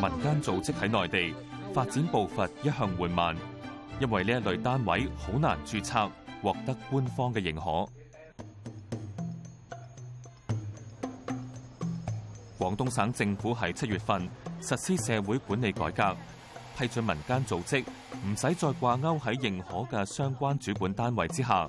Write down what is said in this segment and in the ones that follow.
民間組織喺內地發展步伐一向緩慢，因為呢一類單位好難註冊，獲得官方嘅認可。廣東省政府喺七月份實施社會管理改革，批准民間組織唔使再掛勾喺認可嘅相關主管單位之下。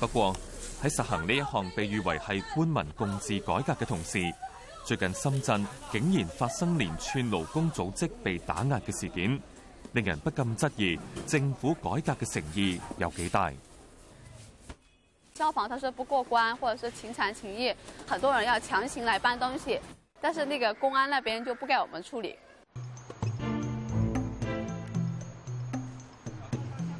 不過喺實行呢一項被譽為係官民共治改革嘅同時，最近深圳竟然發生連串勞工組織被打壓嘅事件，令人不禁質疑政府改革嘅誠意有幾大。消防他說不過關，或者是情場情義，很多人要強行來搬東西，但是那個公安那邊就不該我們處理。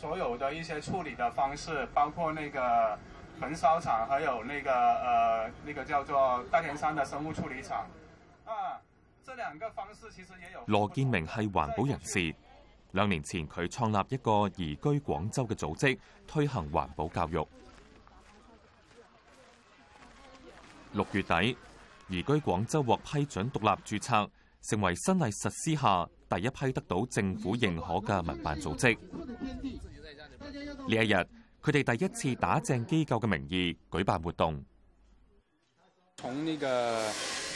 所有的一些處理的方式，包括那個焚燒廠，還有那個，呃，那個叫做大田山的生物處理廠。啊，這兩個方式其實也有。羅建明係環保人士，兩年前佢創立一個宜居廣州嘅組織，推行環保教育。六月底，宜居廣州獲批准獨立註冊，成為新例實施下第一批得到政府認可嘅民辦組織。呢一日，佢哋第一次打正機構嘅名義舉辦活動。從呢個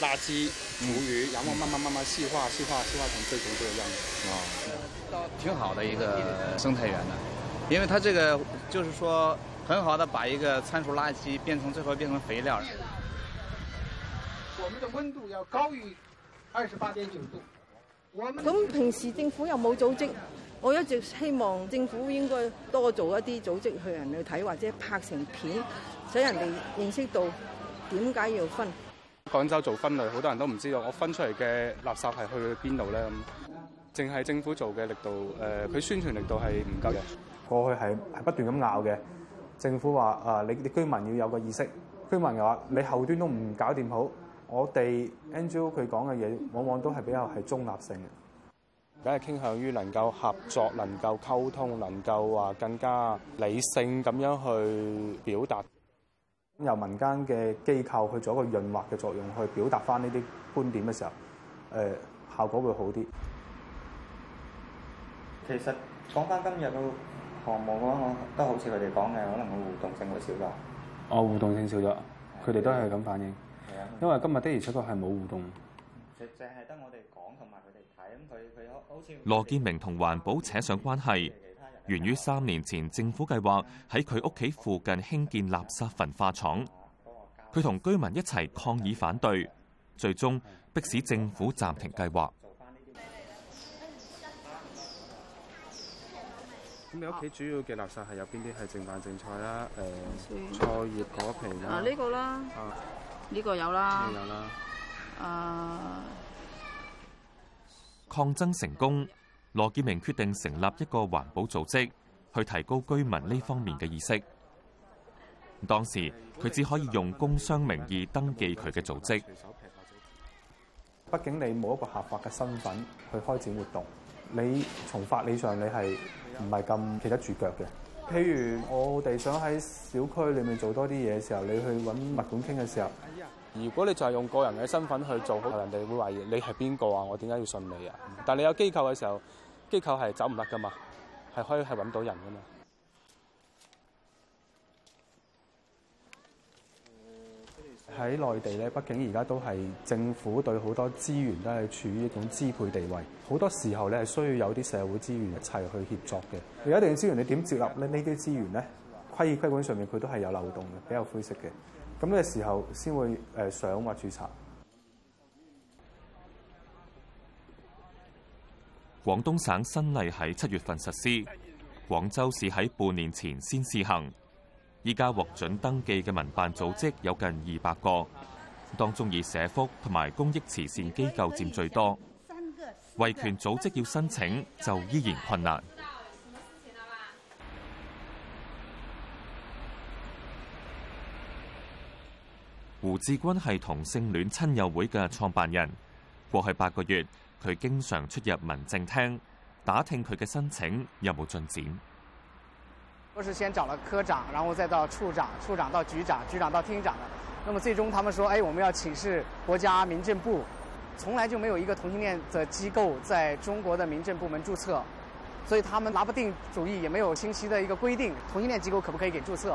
垃圾無魚，然後慢慢慢慢細化、細化、細化成最終這個樣子。哦，挺好的一個生態園啦，因為它這個就是說，很好的把一個餐廚垃圾變成最後變成肥料。我們的溫度要高於二十八點九度。我咁平時政府又冇組織。我一直希望政府應該多做一啲組織去人去睇，或者拍成片，使人哋認識到點解要分。廣州做分類，好多人都唔知道，我分出嚟嘅垃圾係去邊度咧？咁淨、嗯、係政府做嘅力度，誒、呃，佢宣傳力度係唔夠嘅。過去係係不斷咁拗嘅，政府話啊，你啲居民要有個意識，居民又話你後端都唔搞掂好，我哋 NGO 佢講嘅嘢，往往都係比較係中立性嘅。梗係傾向於能夠合作、能夠溝通、能夠話更加理性咁樣去表達，由民間嘅機構去做一個潤滑嘅作用，去表達翻呢啲觀點嘅時候，誒效果會好啲。其實講翻今日個項目嘅話，我都好似佢哋講嘅，可能個互動性會少咗。哦，互動性少咗，佢哋都係咁反應。係啊。因為今日的而且確係冇互動。淨係得我哋講同埋佢哋睇。咁佢佢，好似羅建明同環保扯上關係，源於三年前政府計劃喺佢屋企附近興建垃圾焚化廠，佢同居民一齊抗議反對，最終迫使政府暫停計劃。咁你屋企主要嘅垃圾係有邊啲？係剩飯剩菜啦，誒，菜葉果皮，啊，這個啦。啊呢個啦，呢，這個有啦，有啦。啊、抗爭成功，羅建明決定成立一個環保組織，去提高居民呢方面嘅意識。當時佢只可以用工商名義登記佢嘅組織，畢竟你冇一個合法嘅身份去開展活動，你從法理上你係唔係咁企得住腳嘅。譬如我哋想喺小區裏面多做多啲嘢嘅時候，你去揾物管傾嘅時候。如果你就係用個人嘅身份去做好，人哋會懷疑你係邊個啊？我點解要信你啊？但你有機構嘅時候，機構係走唔甩噶嘛，係可以係揾到人噶嘛。喺內地咧，畢竟而家都係政府對好多資源都係處於一種支配地位，好多時候咧係需要有啲社會資源一齊去協作嘅。而家一定資源你，你點接納咧？呢啲資源咧，規規本上面佢都係有漏洞嘅，比較灰色嘅。咁嘅時候先會上或註冊。廣東省新例喺七月份實施，廣州市喺半年前先試行。依家獲准登記嘅民辦組織有近二百個，當中以社福同埋公益慈善機構佔最多。維權組織要申請就依然困難。胡志軍係同性戀親友會嘅創辦人。過去八個月，佢經常出入民政廳，打聽佢嘅申請有冇進展。我是先找了科長，然後再到處長，處長到局長，局長到廳長的。那麼最終他們說，哎，我們要請示國家民政部。從來就沒有一個同性戀嘅機構在中國的民政部門註冊，所以他們拿不定主意，也沒有清晰的一個規定，同性戀機構可不可以給註冊？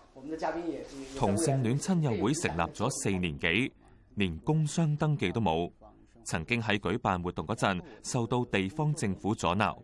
同性戀親友會成立咗四年幾，連工商登記都冇。曾經喺舉辦活動嗰陣，受到地方政府阻撓。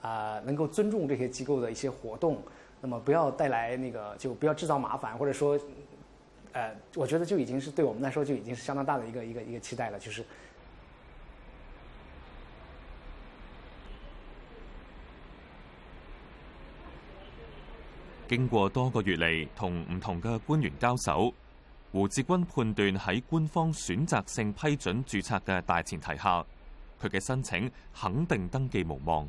啊！能夠尊重這些機構的一些活動，那麼不要帶來那個就不要製造麻煩，或者說，誒、呃，我覺得就已經是對我們來說就已經是相當大的一個一個一個期待了。就是經過多個月嚟同唔同嘅官員交手，胡志軍判斷喺官方選擇性批准注冊嘅大前提下，佢嘅申請肯定登記無望。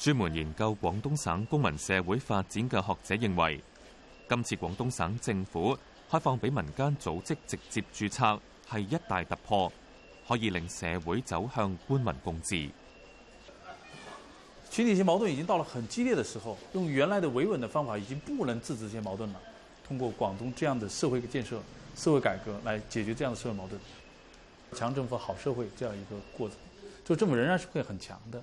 專門研究廣東省公民社會發展嘅學者認為，今次廣東省政府開放俾民間組織直接註冊係一大突破，可以令社會走向官民共治。群體性矛盾已經到了很激烈的時候，用原來的維穩的方法已經不能制止這些矛盾了。通過廣東這樣的社會建設、社會改革來解決這樣的社會矛盾，強政府、好社會這樣一個過程，就政府仍然是會很強的。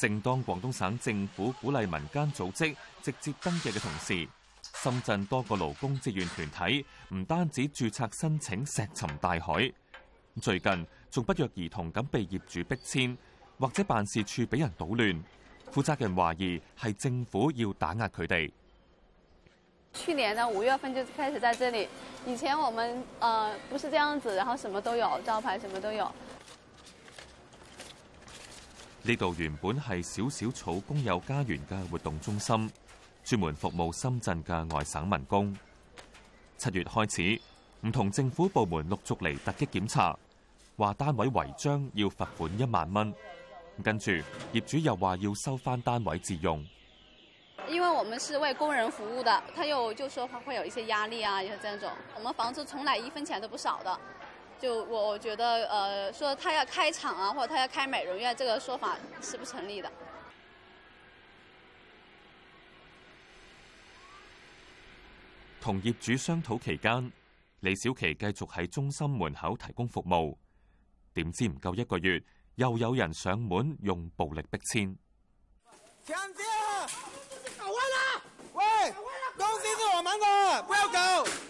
正當廣東省政府鼓勵民間組織直接登記嘅同時，深圳多個勞工職員團體唔單止注冊申請石沉大海，最近仲不約而同咁被業主逼遷或者辦事處俾人搗亂，負責人懷疑係政府要打壓佢哋。去年呢，五月份就開始，在這裏，以前我們呃不是這樣子，然後什麼都有，招牌什麼都有。呢度原本係小小草工友家園嘅活動中心，專門服務深圳嘅外省民工。七月開始，唔同政府部門陸續嚟，突擊檢查，話單位違章要罰款一萬蚊。跟住業主又話要收返單位自用。因為我們是為工人服務的，他又就說會有一些壓力啊，有、就是、這種，我們房租從來一分錢都不少的。就我我覺得，呃，說他要開廠啊，或者他要開美容院，這個說法是不成立的。同業主商討期間，李小琪繼續喺中心門口提供服務，點知唔夠一個月，又有人上門用暴力逼遷。強子，牛威啊！喂，東西是我們的，不要搞。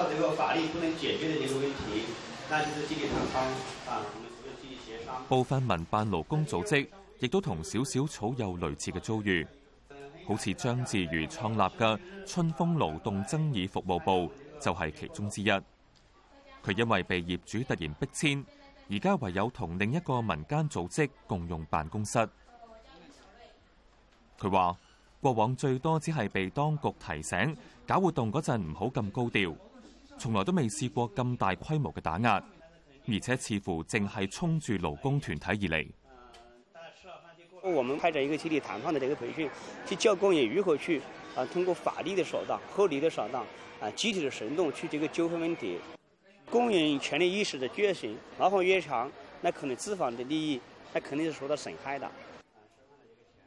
但是不是部分民辦勞工組織亦都同小小草有類似嘅遭遇，好似張志如創立嘅春風勞動爭議服務部就係其中之一。佢因為被業主突然逼遷，而家唯有同另一個民間組織共用辦公室。佢話：過往最多只係被當局提醒，搞活動嗰陣唔好咁高調。從來都未試過咁大規模嘅打壓，而且似乎淨係衝住勞工團體而嚟。我們開展一個集體談判的這個培訓，去教工人如何去啊，通過法律的手段、合理的手段啊，集體的行動去這個糾紛問題。工人權利意識的覺醒，勞方越強，那可能資方的利益，那肯定是受到損害的。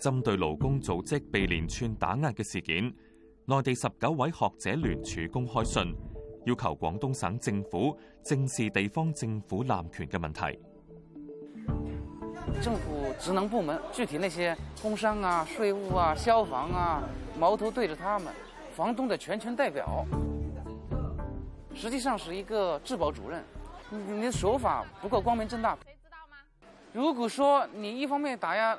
針對勞工組織被連串打壓嘅事件，內地十九位學者聯署公開信，要求廣東省政府正視地方政府濫權嘅問題。政府職能部門，具體那些工商啊、稅務啊、消防啊，矛頭對着他們。房東的全權代表，實際上是一個治保主任，你你手法唔夠光明正大。如果說你一方面打壓。